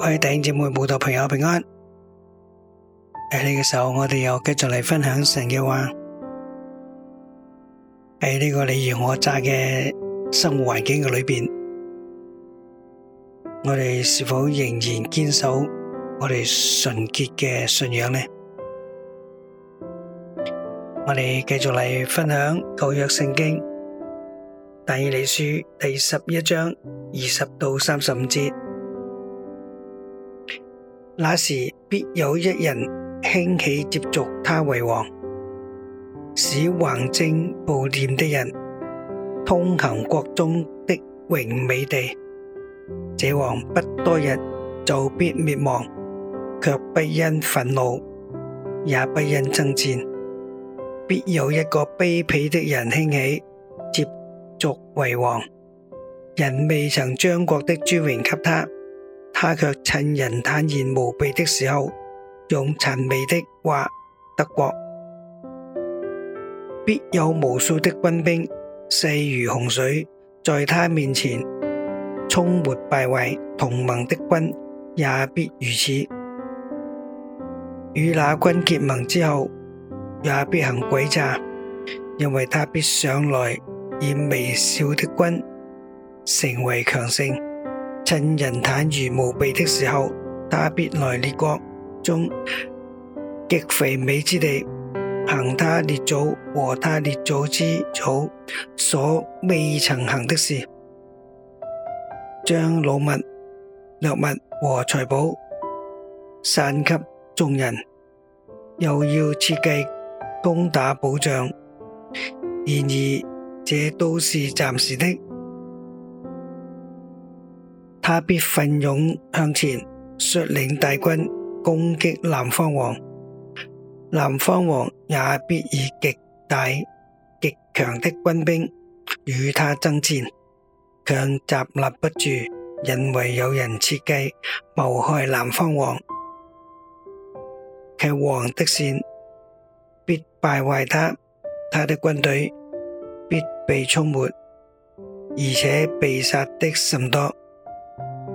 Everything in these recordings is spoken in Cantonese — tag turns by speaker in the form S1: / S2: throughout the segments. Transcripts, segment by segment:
S1: .各位弟兄姊妹、慕道朋友平安，喺呢個時候，我哋又繼續嚟分享神嘅話，喺呢個你虞我詐嘅生活環境嘅裏邊，我哋是否仍然堅守我哋純潔嘅信仰呢？我哋繼續嚟分享舊約聖經但以理書第十一章二十到三十五節。那時必有一人興起接續他為王，使橫徵暴斂的人通行國中的榮美地。這王不多日就必滅亡，卻不因憤怒，也不因爭戰，必有一個卑鄙的人興起接續為王。人未曾將國的尊榮給他。他卻趁人坦然無備的時候，用諂媚的話，得國。必有無數的軍兵，勢如洪水，在他面前沖沒敗壞。同盟的君也必如此。與那君結盟之後，也必行詭詐，因為他必上來以微小的軍成為強盛。趁人坦如無備的時候，他必來列國中極肥美之地，行他列祖和他列祖之祖，所未曾行的事。將老物、掠物和財寶散給眾人，又要設計攻打保障，然而這都是暫時的。他必奮勇向前，率領大軍攻擊南方王。南方王也必以極大極強的軍兵與他爭戰，卻站立不住，因為有人設計謀害南方王。其王的膳必敗壞他，他的軍隊必被沖沒，而且被殺的甚多。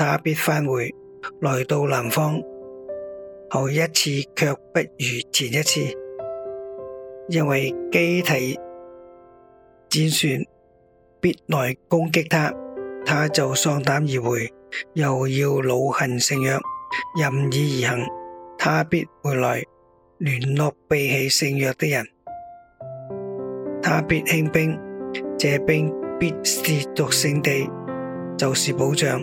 S1: 他必返回，來到南方，後一次卻不如前一次，因為基提戰船必來攻擊他，他就喪膽而回，又要老恨聖約，任意而行。他必回來聯絡背棄聖約的人，他必興兵，這兵必褻瀆聖地，就是保障。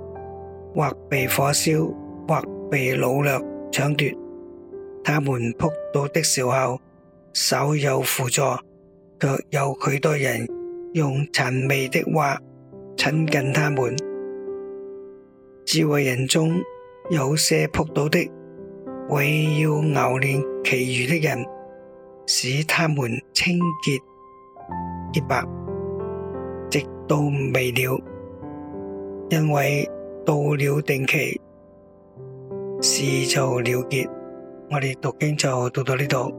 S1: 或被火燒，或被擄掠、搶奪。他們仆倒的時候，稍有扶助，卻有許多人用諂媚的話親近他們。智慧人中有些仆倒的，為要熬練其餘的人，使他們清潔潔白，直到末了，因為。到了定期，事就了結，我哋讀經就讀到呢度。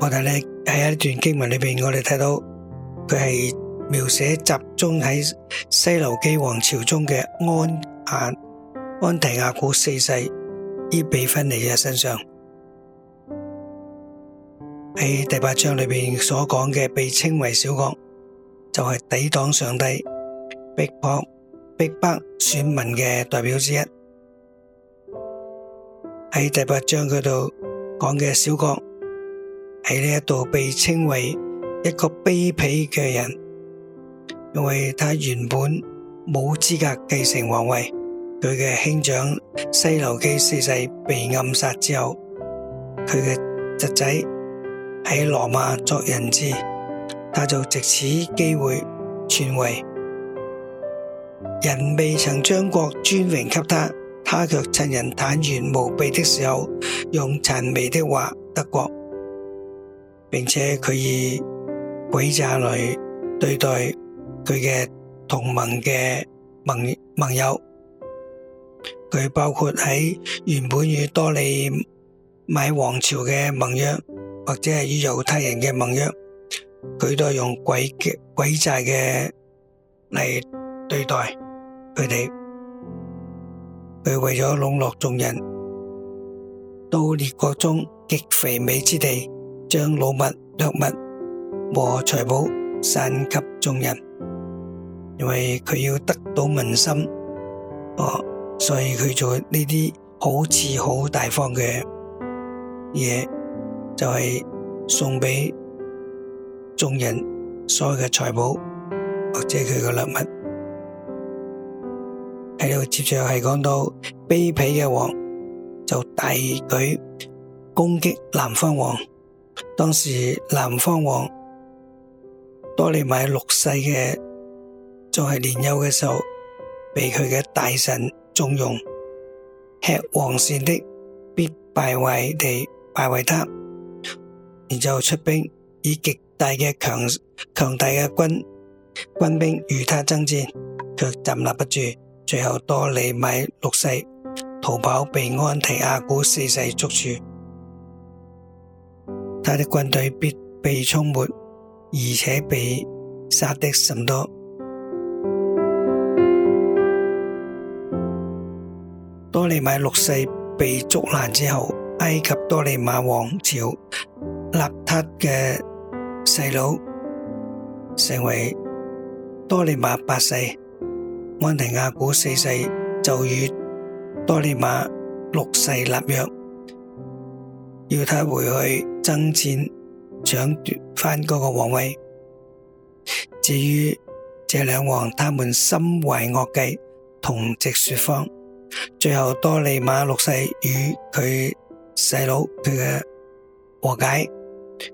S1: 我哋呢喺一段經文裏邊，我哋睇到佢係描寫集中喺西流基王朝中嘅安亞安提亞古四世伊比芬尼嘅身上，喺第八章裏邊所講嘅被稱為小國。就係抵擋上帝逼迫，逼迫選民嘅代表之一。喺第八章嗰度講嘅小國，喺呢一度被稱為一個卑鄙嘅人，因為他原本冇資格繼承皇位。佢嘅兄長西流基四世被暗殺之後，佢嘅侄仔喺羅馬作人質。他就藉此機會篡位，人未曾將國尊榮給他，他卻趁人坦然無備的時候，用諂媚的話得國。並且佢以詭詐來對待佢嘅同盟嘅盟盟友，佢包括喺原本與多利買王朝嘅盟約，或者係與猶太人嘅盟約。佢都係用鬼嘅鬼債嘅嚟對待佢哋，佢為咗籠絡眾人，到列國中極肥美之地，將老物掠物和財寶散給眾人，因為佢要得到民心，哦，所以佢做呢啲好似好大方嘅嘢，就係送俾。眾人所有嘅財寶或者佢嘅禮物，喺度接着又係講到卑鄙嘅王就大舉攻擊南方王。當時南方王多利買六世嘅，就係年幼嘅時候被佢嘅大臣縱容，吃王膳的必敗壞地敗壞他，然之後出兵以極。強大嘅強強大嘅軍軍兵與他爭戰，卻站立不住，最後多利米六世逃跑，被安提阿古四世捉住，他的軍隊必被沖沒，而且被殺的甚多。多利米六世被捉拿之後，埃及多利馬王朝立塔嘅。細佬成為多利馬八世，安提亞古四世就與多利馬六世立約，要他回去爭戰，搶奪翻嗰個皇位。至於這兩王，他們心懷惡計，同席說謊。最後多利馬六世與佢細佬佢嘅和解，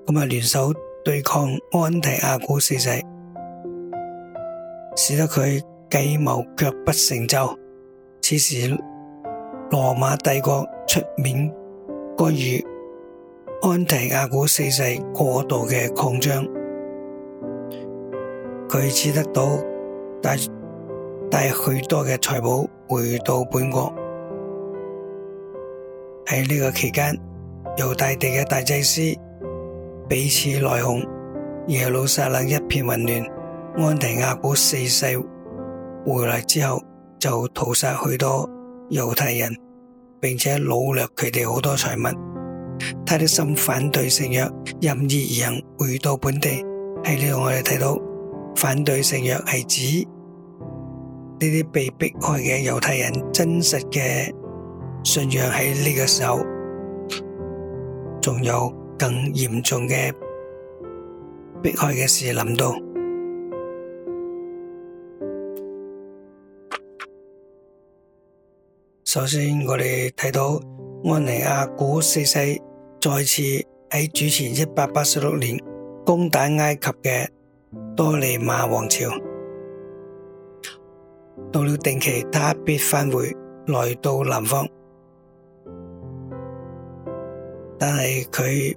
S1: 咁啊聯手。對抗安提阿古四世，使得佢計謀卻不成就。此時羅馬帝國出面干預安提阿古四世過度嘅擴張，佢只得到帶帶許多嘅財寶回到本國。喺呢個期間，猶大地嘅大祭司。彼此內訌，耶路撒冷一片混亂。安提阿古四世回嚟之後，就屠殺許多猶太人，並且擄掠佢哋好多財物。他的心反對聖約，任意而行，回到本地。喺呢度我哋睇到反對聖約，係指呢啲被迫害嘅猶太人真實嘅信仰喺呢個時候，仲有。更嚴重嘅迫害嘅事諗到。首先，我哋睇到安尼亞古四世，再次喺主前一百八十六年攻打埃及嘅多利馬王朝。到了定期，他必返回來到南方，但係佢。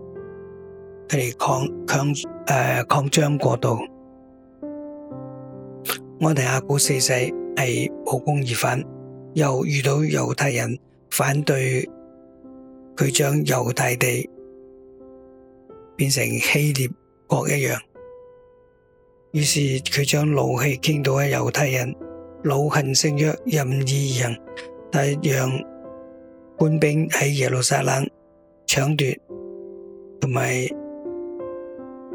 S1: 佢哋擴張過度，安提阿古四世係無功而返，又遇到猶太人反對佢將猶太地變成希臘國一樣，於是佢將怒氣傾到喺猶太人，惱恨聖約任意而行，但係讓官兵喺耶路撒冷搶奪同埋。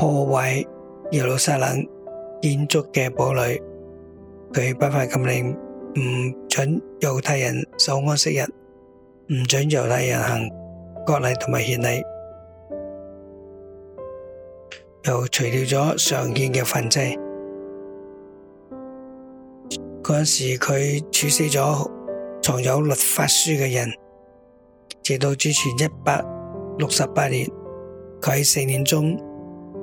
S1: 破壞耶路撒冷建築嘅堡壘，佢頒布禁令，唔准猶太人守安息日，唔准猶太人行割禮同埋獻禮，又除掉咗常見嘅燔祭。嗰陣時佢處死咗藏有律法書嘅人，直到之前一百六十八年，佢喺四年中。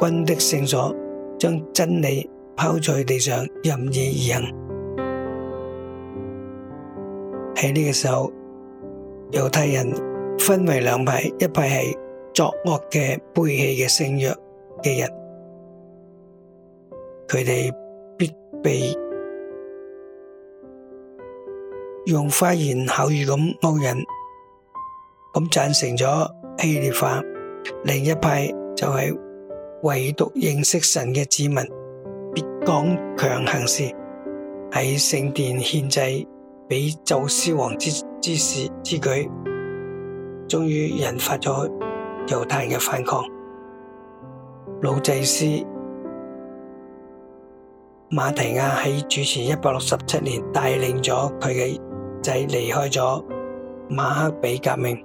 S1: 君的聖所將真理拋在地上，任意而行。喺呢個時候，猶太人分為兩派，一派係作惡嘅背棄嘅聖約嘅人，佢哋必被用花言巧語咁勾引，咁贊成咗希臘化；另一派就係。唯獨認識神嘅子民，必講強行事。喺聖殿獻祭俾宙斯王之之時之舉，終於引發咗猶太人嘅反抗。老祭司馬提亞喺主前一百六十七年，帶領咗佢嘅仔離開咗馬克比革命。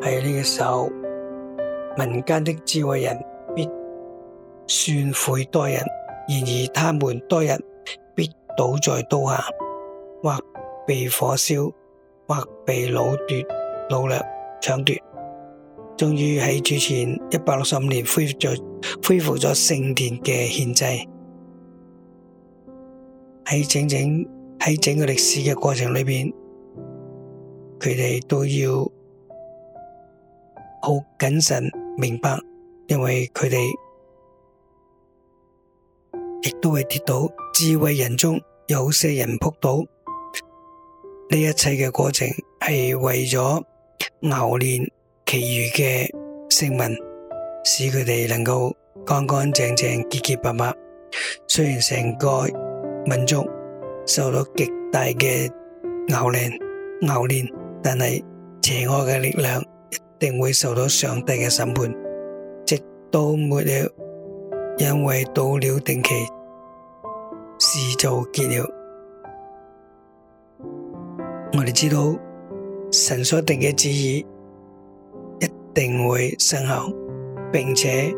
S1: 喺呢個時候。民間的智慧人必算悔多人，然而他們多日必倒在刀下，或被火燒，或被擄奪、擄掠、搶奪。終於喺主前一百六十五年恢復恢復咗聖殿嘅憲制。喺整整喺整個歷史嘅過程裏邊，佢哋都要好謹慎。明白，因為佢哋亦都會跌倒，智慧人中有好些人撲倒。呢一切嘅過程係為咗熬煉其餘嘅聖民，使佢哋能夠乾乾淨淨、結結白白。雖然成個民族受到極大嘅熬煉、熬煉，但係邪惡嘅力量，定會受到上帝嘅審判，直到末了，因為到了定期，事就結了。我哋知道神所定嘅旨意一定會生效，並且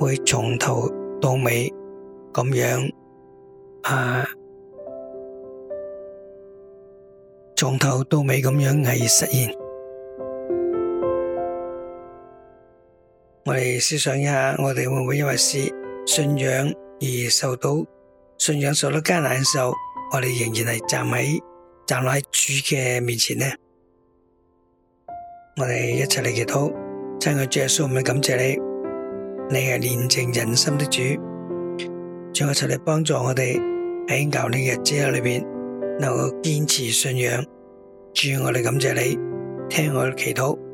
S1: 會從頭到尾咁樣啊，從頭到尾咁樣係實現。我哋思想一下，我哋會唔會因為是信仰而受到信仰受到艱難嘅時候，我哋仍然係站喺站落喺主嘅面前呢？我哋一齊嚟祈禱。親愛嘅主耶穌，我哋感謝你，你係憐情人心的主，主我一齊嚟幫助我哋喺牛年嘅日子裏邊能夠堅持信仰。主，我哋感謝你，聽我祈禱。